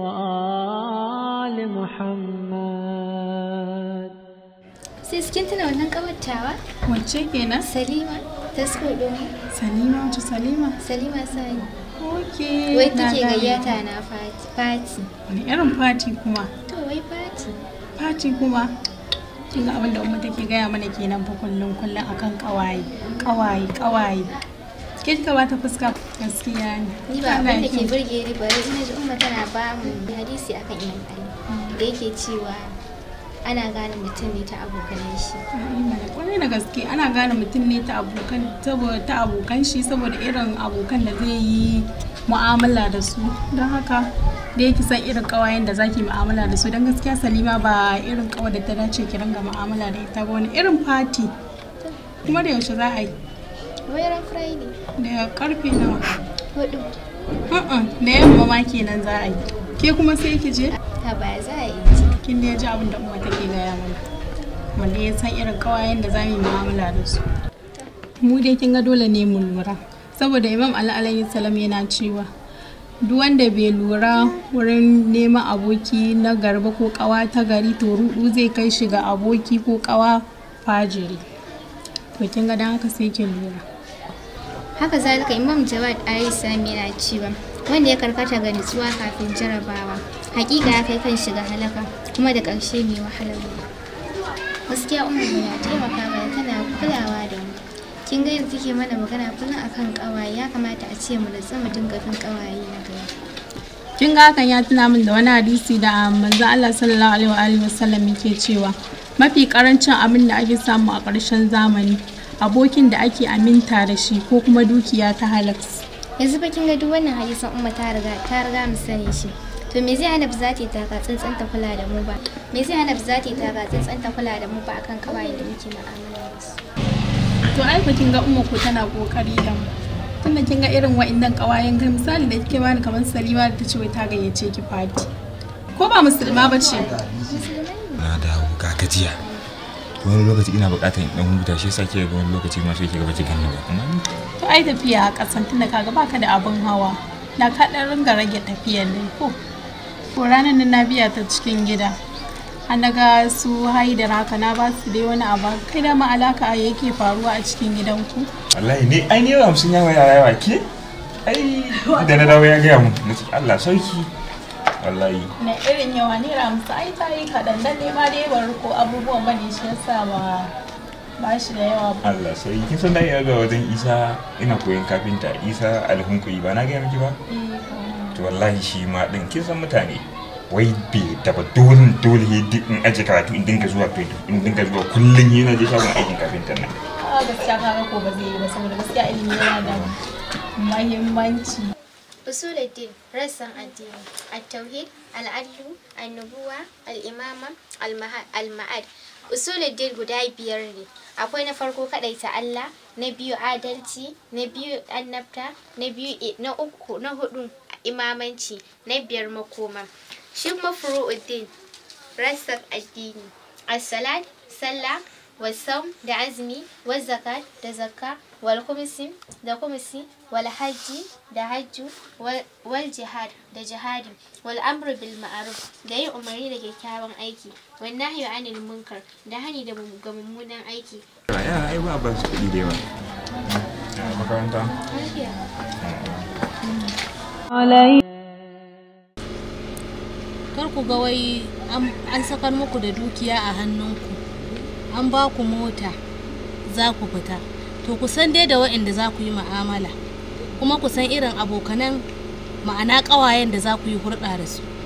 وآل محمد kenan salima ta skodo ne salima salima salima wai gayyata na fati wani irin fati kuma to wai fati fati kuma kin ga abin da umma take gaya mana kenan fa kullum kullum akan kawaye kawaye kawaye ke kika bata fuska gaskiya ne ni ba abin da ke burge ni ba ina ne umma tana ba mu hadisi akan imani ali da yake cewa ana gane mutum ne ta abokan shi kwarai da gaske ana gane mutum ne ta abokan ta abokan shi saboda irin abokan da zai yi mu'amala da su don haka da yake san irin kawayen da zaki mu'amala da su don gaskiya salima ba irin kawai da ta dace ki ringa mu'amala da ita ba wani irin fati kuma da yaushe za a yi Wairan Friday. Daga karfe nawa? Hudu. da yamma ma kenan za a yi. Ke kuma sai ki je? Ta ba za a yi. Kin da ji abin da uwa take gaya mana. Wanda ya san irin kawayen da za mu yi mu'amala da su. Mu dai kin ga dole ne mu lura. Saboda Imam Ali alayhi salam yana cewa duk wanda bai lura wurin neman aboki na garba ko kawa ta gari to rudu zai kai shi ga aboki ko kawa fajiri. To kin ga dan haka sai kin lura. haka zalika imam jawad ali sami na cewa wanda ya karkata ga nutsuwa kafin jarabawa hakika ya kai kan shiga halaka kuma da ƙarshe mai wahalar gaskiya umar ya taimaka ba kana kulawa da mu kin ga yanzu ke mana magana kullum akan ƙawaye ya kamata a ce mu da mu dinga bin ƙawaye na gaya. kin ga hakan ya tuna min da wani hadisi da manzo Allah sallallahu alaihi wa alihi wasallam yake cewa mafi karancin abin da ake samu a ƙarshen zamani abokin da ake aminta da shi ko kuma dukiya ta halaks yanzu bakin ga duk wannan hadisan umma ta riga ta riga mu sani shi to me zai hana ba za ta yi taka tsantsan ta kula da mu ba me zai hana ba za ta yi taka tsantsan ta kula da mu ba akan kawai da muke mu'amala da su to ai bakin ga umma ko tana kokari da mu tunda kin ga irin wa'annan kawayen ga misali da kike bani kamar Salima da ta ce wai ta gayyace ki fati ko ba musulma ba ce na dawo ga gajiya wani lokaci ina bukatar in dan huta shi yasa ke ga wani lokaci ma yake gaba cikin nan ba amma to ai tafiya a kasan tunda kaga baka da abin hawa na ka ringa rage tafiyan ne ko ko ranar nan na biya ta cikin gida an daga su haidar haka na ba su dai wani abu kai da ma alaka yake faruwa a cikin gidan ku. wallahi ne ai ne 50 yawa yawa ke ai da na dawo ya ga mu Allah sauki wallahi na irin yawa ne ramsa ai ta yi kaɗan dan ne dai bar ko abubuwan bane shi yasa ba ba shi da yawa Allah sai kin san dai ga wajen Isa ina koyin kafinta Isa yi ba na ga miki eh, ba to wallahi shi ma din kin san mutane wai bai taba dole dole in aje karatu in dinga zuwa in dinga zuwa kullun yana je shagon aikin kafinta nan gaskiya kaga ko ba zai yi ba saboda gaskiya ilimi yana da muhimmanci usuluddin rassan addini at-tauhid al-adlu an-nubuwa al-imama al-ma'ad usuluddin guda biyar ne akwai na farko kadai ta Allah na biyu adalci na biyu annabta na biyu na uku na hudu imamanci na biyar makoma shi kuma furu'uddin rassan addini as-salat sallah والصوم da azumi والزكاة da zakka والخمس da kumsi Walhajji da hajju waljihad da jihadi والأمر بالمعروف da yin umarni da kyakkyawan aiki والنهي عن المنكر da hani ga mummunan aiki kar ku ga wai an sakar muku da dukiya a hannunku an ba ku mota za ku fita to ku san dai da waɗanda za ku yi ma'amala kuma ku san irin abokanan ma'ana ƙawayen da za ku yi hurɗa da su